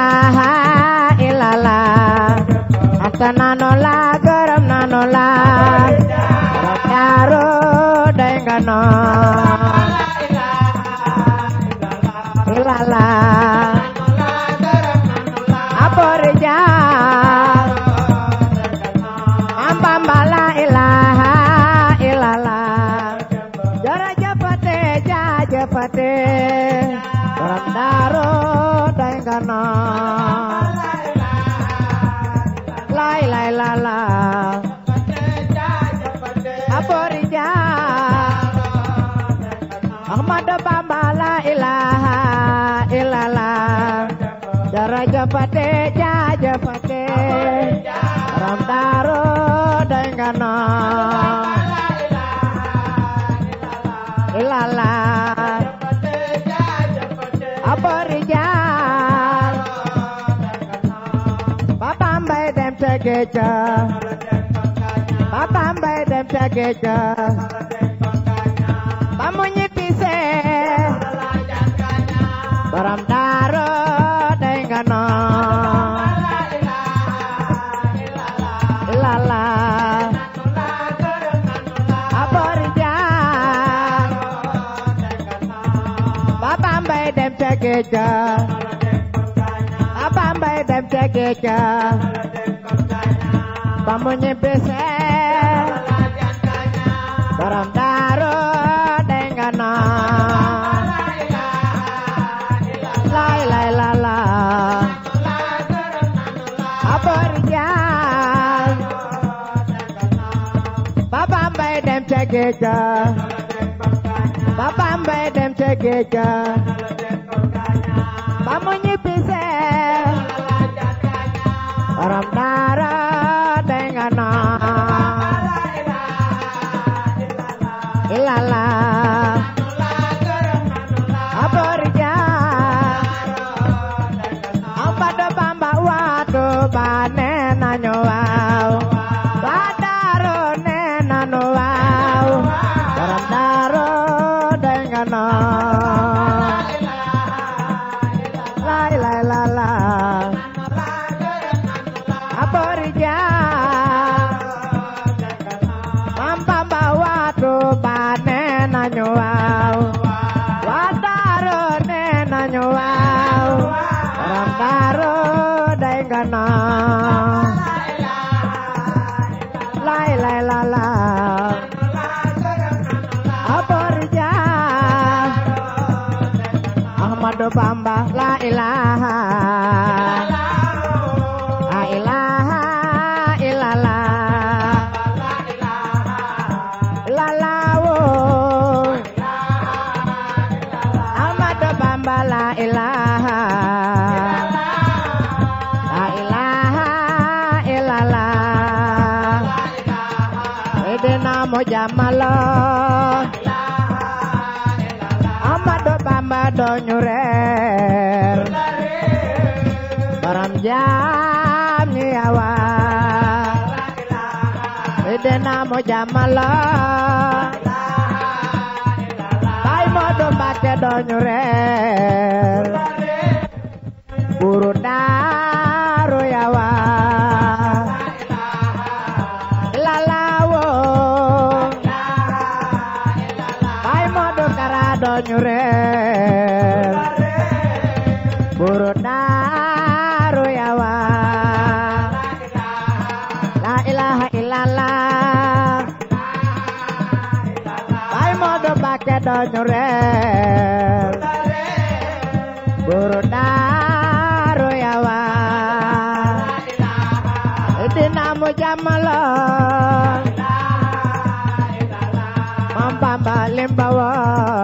la aborijaal papa mbay dem ca géej ga papa mbay dem ca géej ba mu ñibbisee ca a bambay dem ca géej ga ba mu ñibbisee borom daaru dey nga naan lay lay la la a boor jaal ba bambay dem ca géej ga ba bambay dem ca géej ga ba mu ñibbisee borom daal la la la Moja Mala Baay Moodu Mbàkke doñu buru daaru yawa lalawo Baay Moodu Kara doñu tooñ reer buru daaru yawa dina mu jamalo moom Bamba limba woo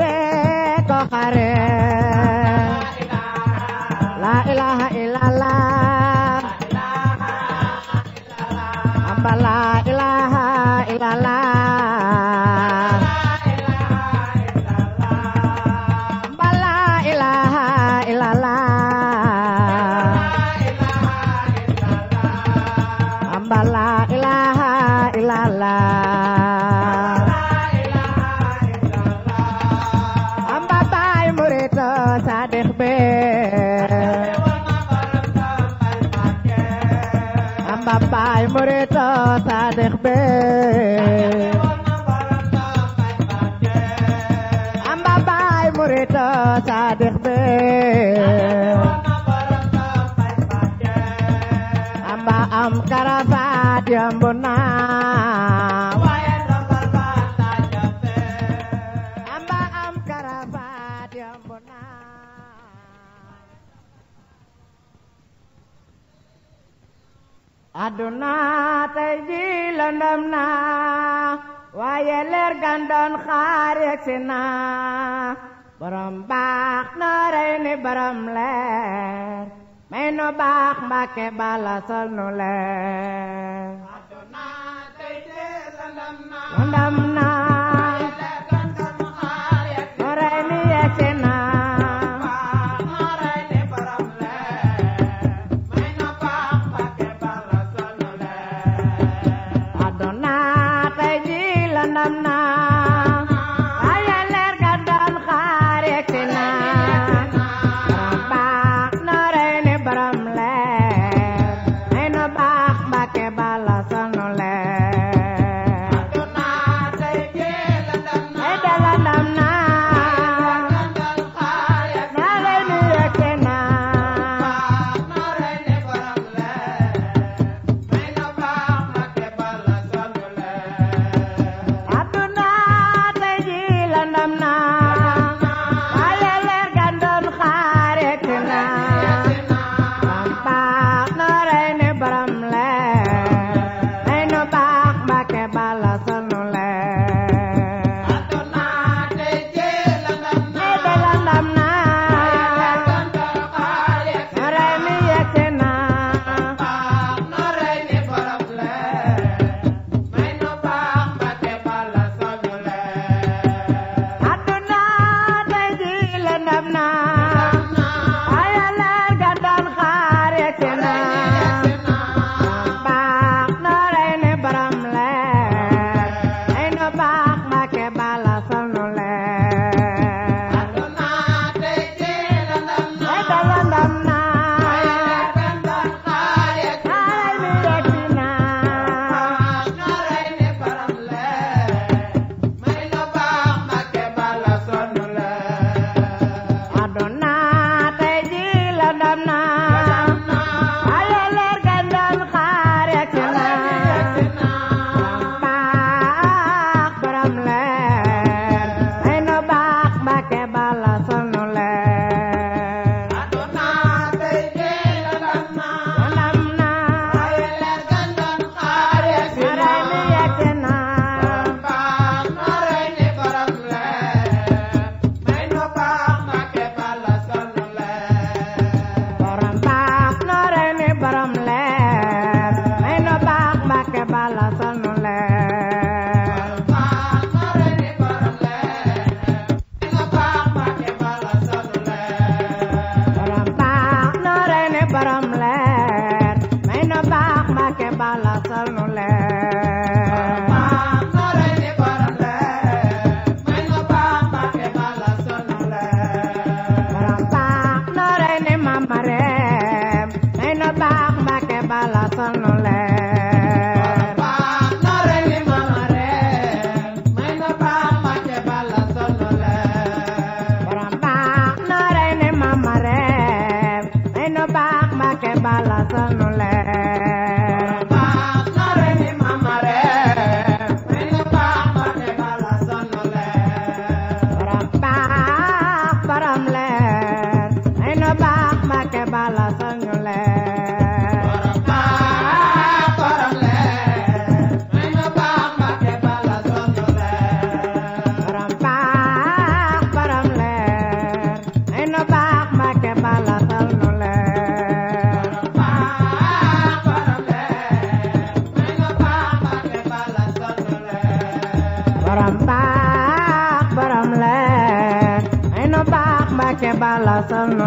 rek ko la ilaha illallah la ilaha illallah doon xaar yegg si naa borom baax na rey ni leer may baax mbàkke bala sol nu leer. ndam naa Pasando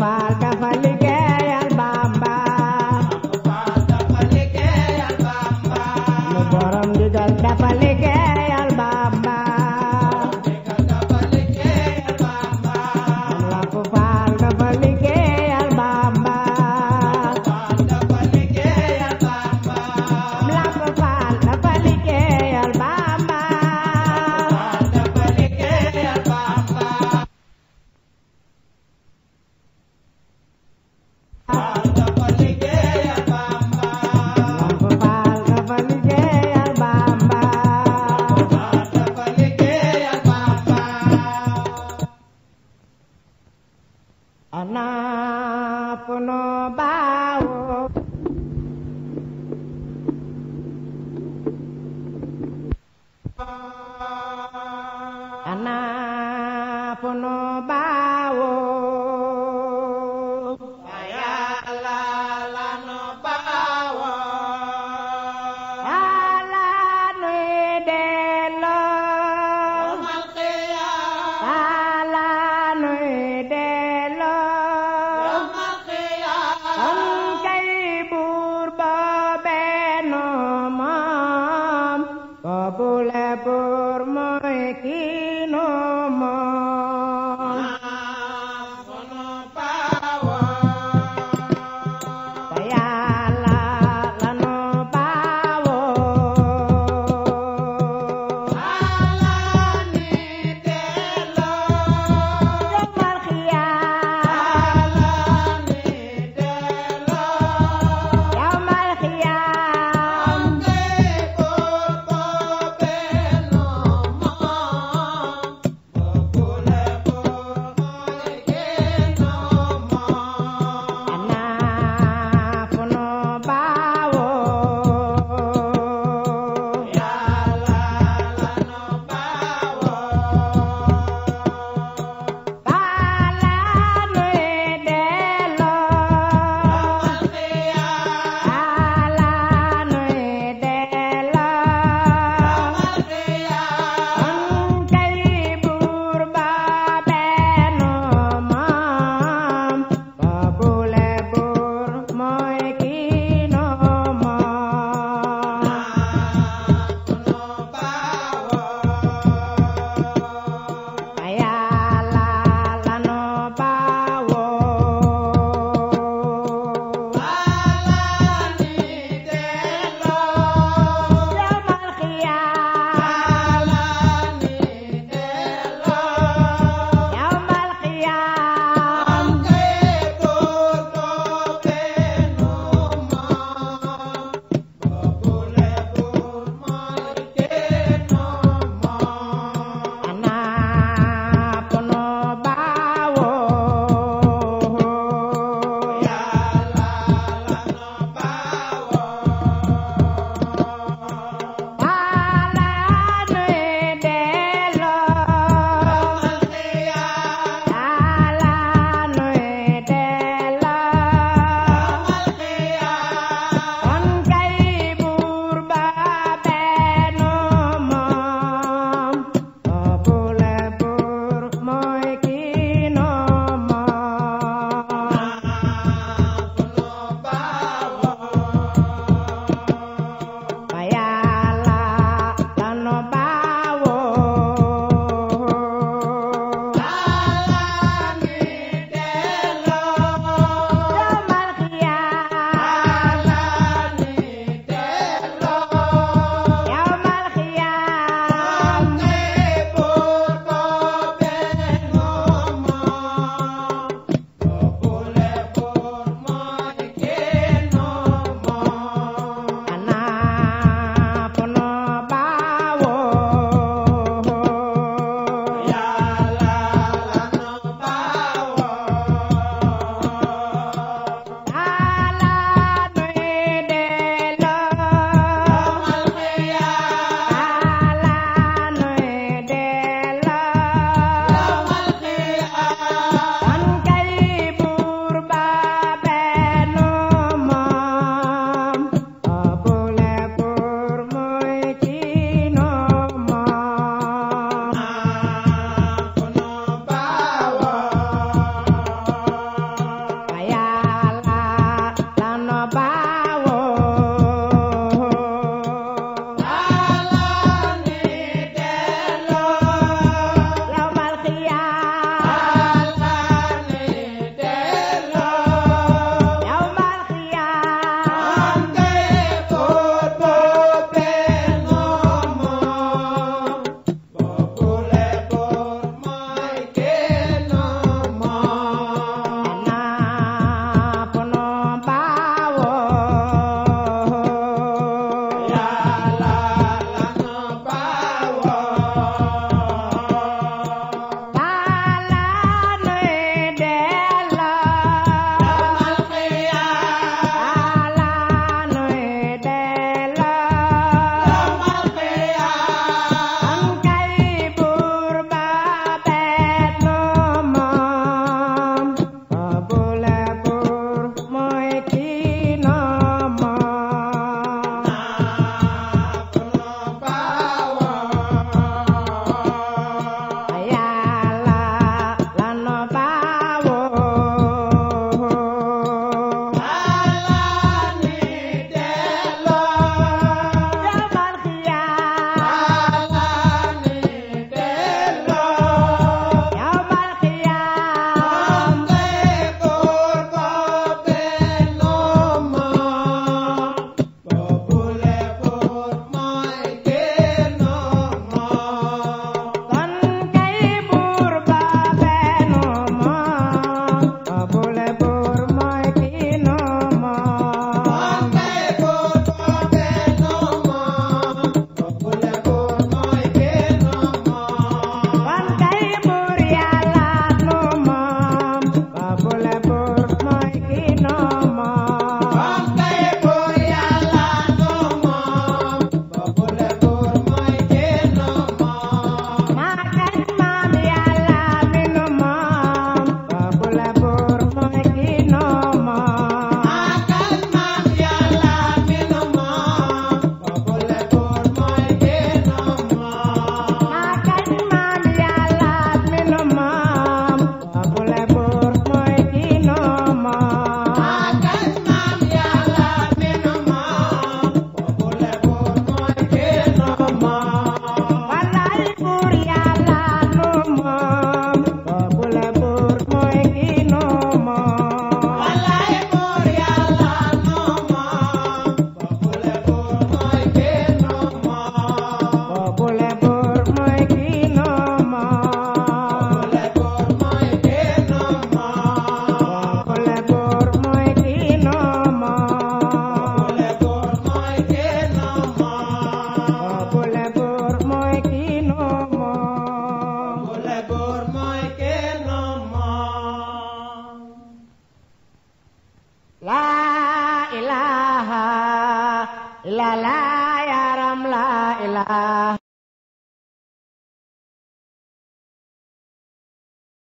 faal ka fa आपनो बा